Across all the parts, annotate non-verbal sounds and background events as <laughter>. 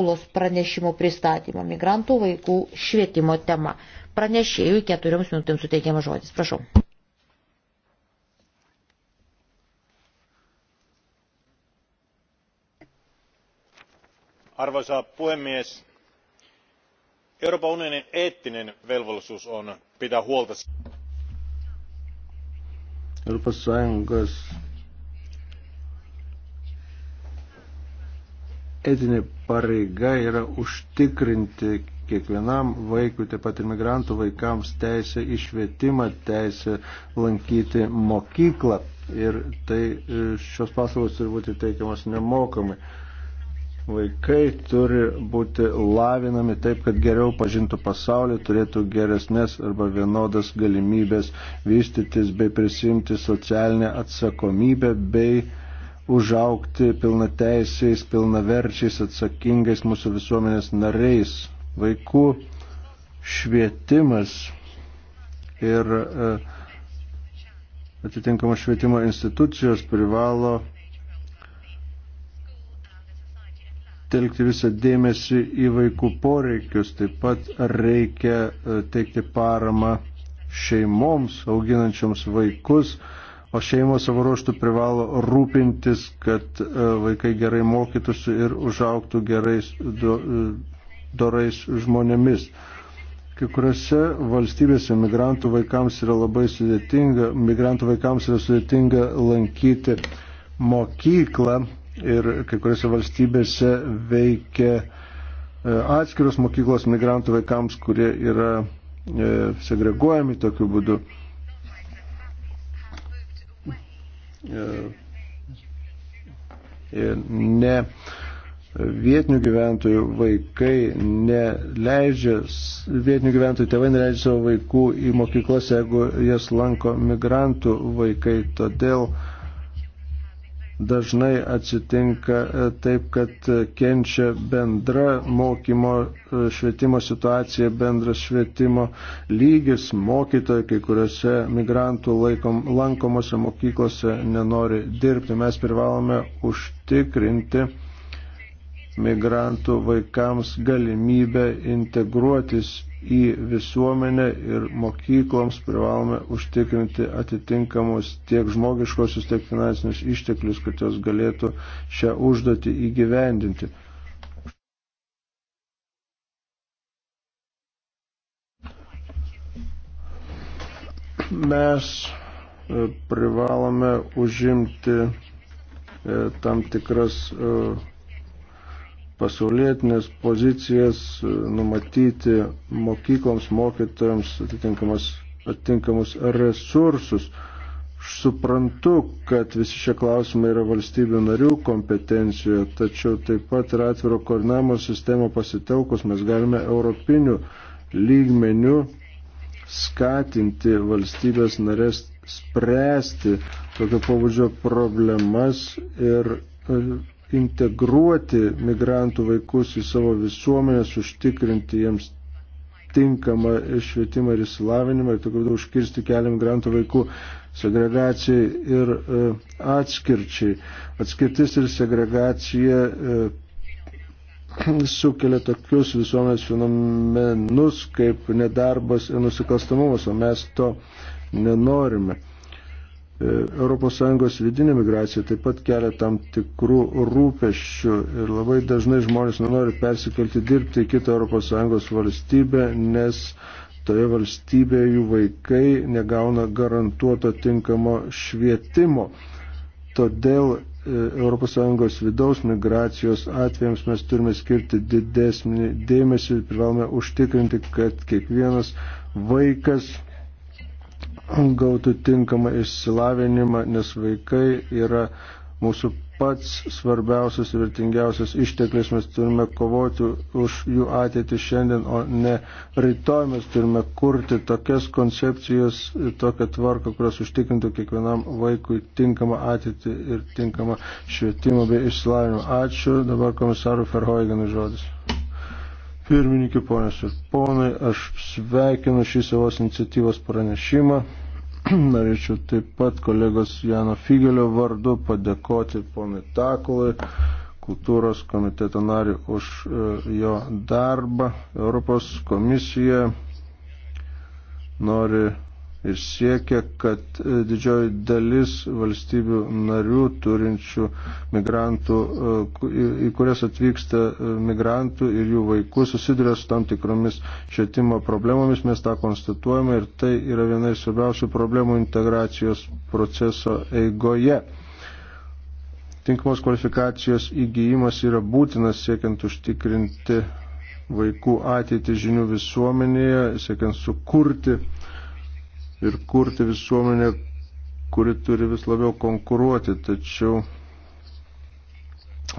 Takulos pranešimo pristatymą migrantų vaikų švietimo tema. Pranešėjui keturioms minutėms suteikiamas žodis. Prašau. Arvoisa puhemies, Euroopan unionin eettinen velvollisuus on pitää huolta. Euroopan Sąjungos etinė pareiga yra užtikrinti kiekvienam vaikui, taip pat ir migrantų vaikams teisę išvietimą, teisę lankyti mokyklą. Ir tai e, šios paslaugos turi būti teikiamas nemokamai. Vaikai turi būti lavinami taip, kad geriau pažintų pasaulį, turėtų geresnės arba vienodas galimybės vystytis bei prisimti socialinę atsakomybę bei uh, užaukti pilnateisiais, pilnaverčiais, atsakingais mūsų visuomenės nariais. Vaikų švietimas ir e, atitinkamos švietimo institucijos privalo telkti visą dėmesį į vaikų poreikius, taip pat reikia e, teikti paramą šeimoms auginančioms vaikus, o šeimos savo ruoštų privalo rūpintis, kad e, vaikai gerai mokytųsi ir užauktų gerais, do, e, dorais žmonėmis. Kai kuriuose valstybėse migrantų vaikams yra labai sudėtinga, migrantų vaikams yra sudėtinga lankyti mokyklą ir kai kuriuose valstybėse veikia e, atskiros mokyklos migrantų vaikams, kurie yra segreguojami tokiu būdu. ne vietinių gyventojų vaikai neleidžia, vietinių gyventojų tėvai neleidžia savo vaikų į mokyklas, jeigu jas lanko migrantų vaikai. Todėl uh, dažnai atsitinka e, taip, kad e, kenčia bendra mokymo e, švietimo situacija, bendras švietimo lygis, mokytojai kai kuriuose migrantų laikom, lankomose mokyklose nenori dirbti. Mes privalome užtikrinti migrantų vaikams galimybę integruotis į visuomenę ir mokykloms privalome užtikrinti atitinkamus tiek žmogiškosius, tiek finansinius išteklius, kad jos galėtų šią užduotį įgyvendinti. Mes e, privalome užimti e, tam tikras e, pasaulietinės pozicijas, e, numatyti mokykloms, mokytojams atitinkamas, atitinkamus resursus. Aš suprantu, kad visi šie klausimai yra valstybių narių kompetencijoje, tačiau taip pat ir atviro koordinavimo sistemo pasitelkus mes galime europinių lygmenių skatinti valstybės narės spręsti tokio pobūdžio problemas ir e, integruoti migrantų vaikus į savo visuomenės, užtikrinti jiems tinkamą švietimą ir įsilavinimą ir tokiu būdu užkirsti kelią migrantų vaikų segregacijai ir e, atskirčiai. Atskirtis ir segregacija e, <clears throat> sukelia tokius visuomenės fenomenus kaip nedarbas ir nusikalstamumas, o mes to nenorime. ES vidinė migracija taip pat kelia tam tikrų rūpeščių ir labai dažnai žmonės nenori persikelti dirbti į kitą ES valstybę, nes toje valstybėje jų vaikai negauna garantuoto tinkamo švietimo. Todėl ES vidaus migracijos atvejams mes turime skirti didesnį dėmesį ir privalome užtikrinti, kad kiekvienas vaikas gautų tinkamą išsilavinimą, nes vaikai yra mūsų pats svarbiausias ir vertingiausias išteklis. Mes turime kovoti už jų ateitį šiandien, o ne rytoj. Mes turime kurti tokias koncepcijas, tokią tvarką, kurios užtikrintų kiekvienam vaikui tinkamą ateitį ir tinkamą švietimą bei išsilavinimą. Ačiū. Dabar komisarų Ferhoigenų žodis. Pirmininkė, ponės ir ponai, aš sveikinu šį savos iniciatyvos pranešimą. <clears throat> Norėčiau taip pat kolegos Jano Figelio vardu padėkoti ponui Takului, kultūros komiteto nariu už e, jo darbą. Europos komisija nori ir siekia, kad e, didžioji dalis valstybių narių turinčių migrantų, e, į kurias atvyksta e, migrantų ir jų vaikų, susiduria su tam tikromis švietimo problemomis. Mes tą konstatuojame ir tai yra viena iš svarbiausių problemų integracijos proceso eigoje. Tinkamos kvalifikacijos įgyjimas yra būtinas siekiant užtikrinti vaikų ateitį žinių visuomenėje, siekiant sukurti ir kurti visuomenę, kuri turi vis labiau konkuruoti, tačiau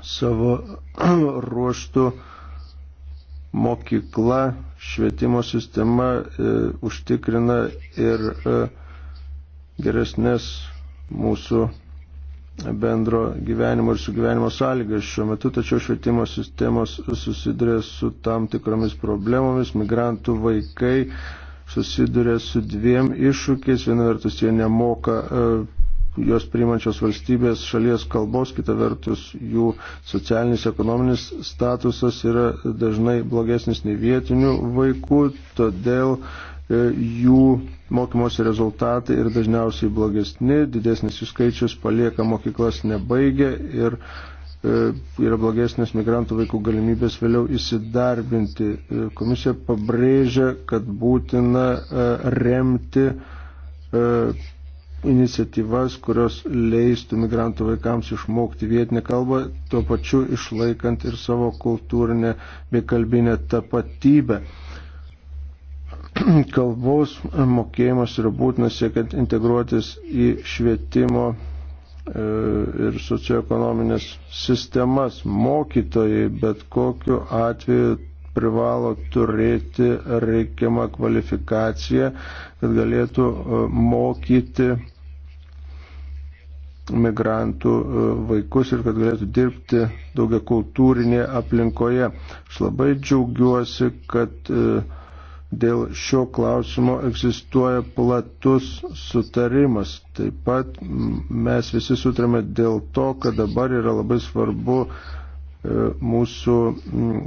savo <clears throat> ruoštų mokykla, švietimo sistema e, užtikrina ir e, geresnės mūsų bendro gyvenimo ir sugyvenimo sąlygas šiuo metu, tačiau švietimo sistemos susiduria su tam tikromis problemomis, migrantų vaikai susiduria su dviem iššūkiais. Viena vertus jie nemoka e, jos priimančios valstybės šalies kalbos, kita vertus jų socialinis, ekonominis statusas yra dažnai blogesnis nei vietinių vaikų, todėl e, jų mokymosi rezultatai ir dažniausiai blogesni, didesnis jų skaičius palieka mokyklas nebaigę ir uh, E, yra blogesnės migrantų vaikų galimybės vėliau įsidarbinti. E, komisija pabrėžia, kad būtina e, remti iniciatyvas, kurios leistų migrantų vaikams išmokti vietinę kalbą, tuo pačiu išlaikant ir savo kultūrinę bei kalbinę tapatybę kalbos mokėjimas yra būtinas siekiant integruotis į švietimo E, ir socioekonominės sistemas. Mokytojai bet kokiu atveju privalo turėti reikiamą kvalifikaciją, kad galėtų e, mokyti migrantų e, vaikus ir kad galėtų dirbti daugia kultūrinėje aplinkoje. Aš labai džiaugiuosi, kad uh, Dėl šio klausimo egzistuoja platus sutarimas. Taip pat mes visi sutarėme dėl to, kad dabar yra labai svarbu uh, E, mūsų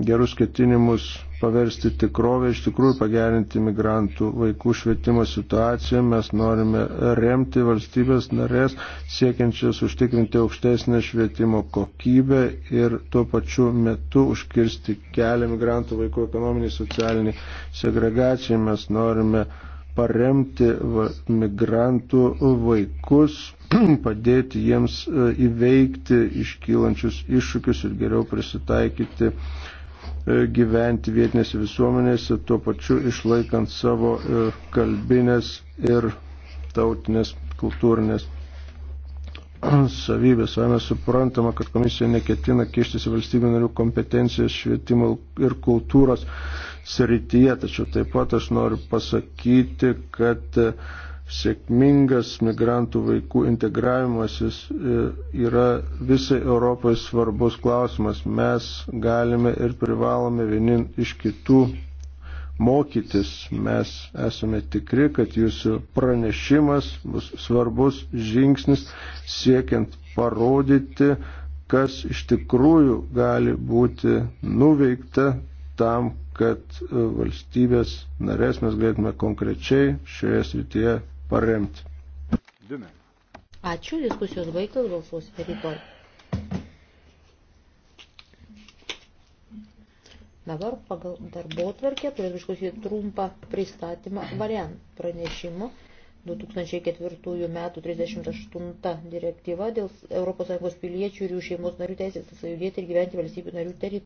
gerus ketinimus paversti tikrovę, iš tikrųjų pagerinti migrantų vaikų švietimo situaciją. Mes norime remti valstybės narės, siekiančias užtikrinti aukštesnę švietimo kokybę ir tuo pačiu metu užkirsti kelią migrantų vaikų ekonominiai socialiniai segregacijai. Mes norime uh, paremti migrantų vaikus, <clears throat> padėti jiems e, įveikti iškylančius iššūkius ir geriau prisitaikyti e, gyventi vietinėse visuomenėse, tuo pačiu išlaikant savo e, kalbinės ir tautinės kultūrinės <clears throat> savybės. Savame suprantama, kad komisija neketina kištis į valstybių narių kompetencijos švietimo ir kultūros srityje. Tačiau taip pat aš noriu pasakyti, kad e, sėkmingas migrantų vaikų integravimasis e, yra visai Europai svarbus klausimas. Mes galime ir privalome vienin iš kitų mokytis. Mes esame tikri, kad jūsų pranešimas bus svarbus žingsnis siekiant parodyti, kas iš tikrųjų gali būti nuveikta tam, kad e, valstybės narės mes galėtume konkrečiai šioje srityje paremti. Ačiū, diskusijos baigtas, balsuosite rytoj. Dabar pagal darbo tvarkę turėtų išklausyti trumpą pristatymą variant pranešimo 2004 metų 38 direktyva dėl ES piliečių ir jų šeimos narių teisės įsijudėti ir gyventi valstybių narių teritorijų.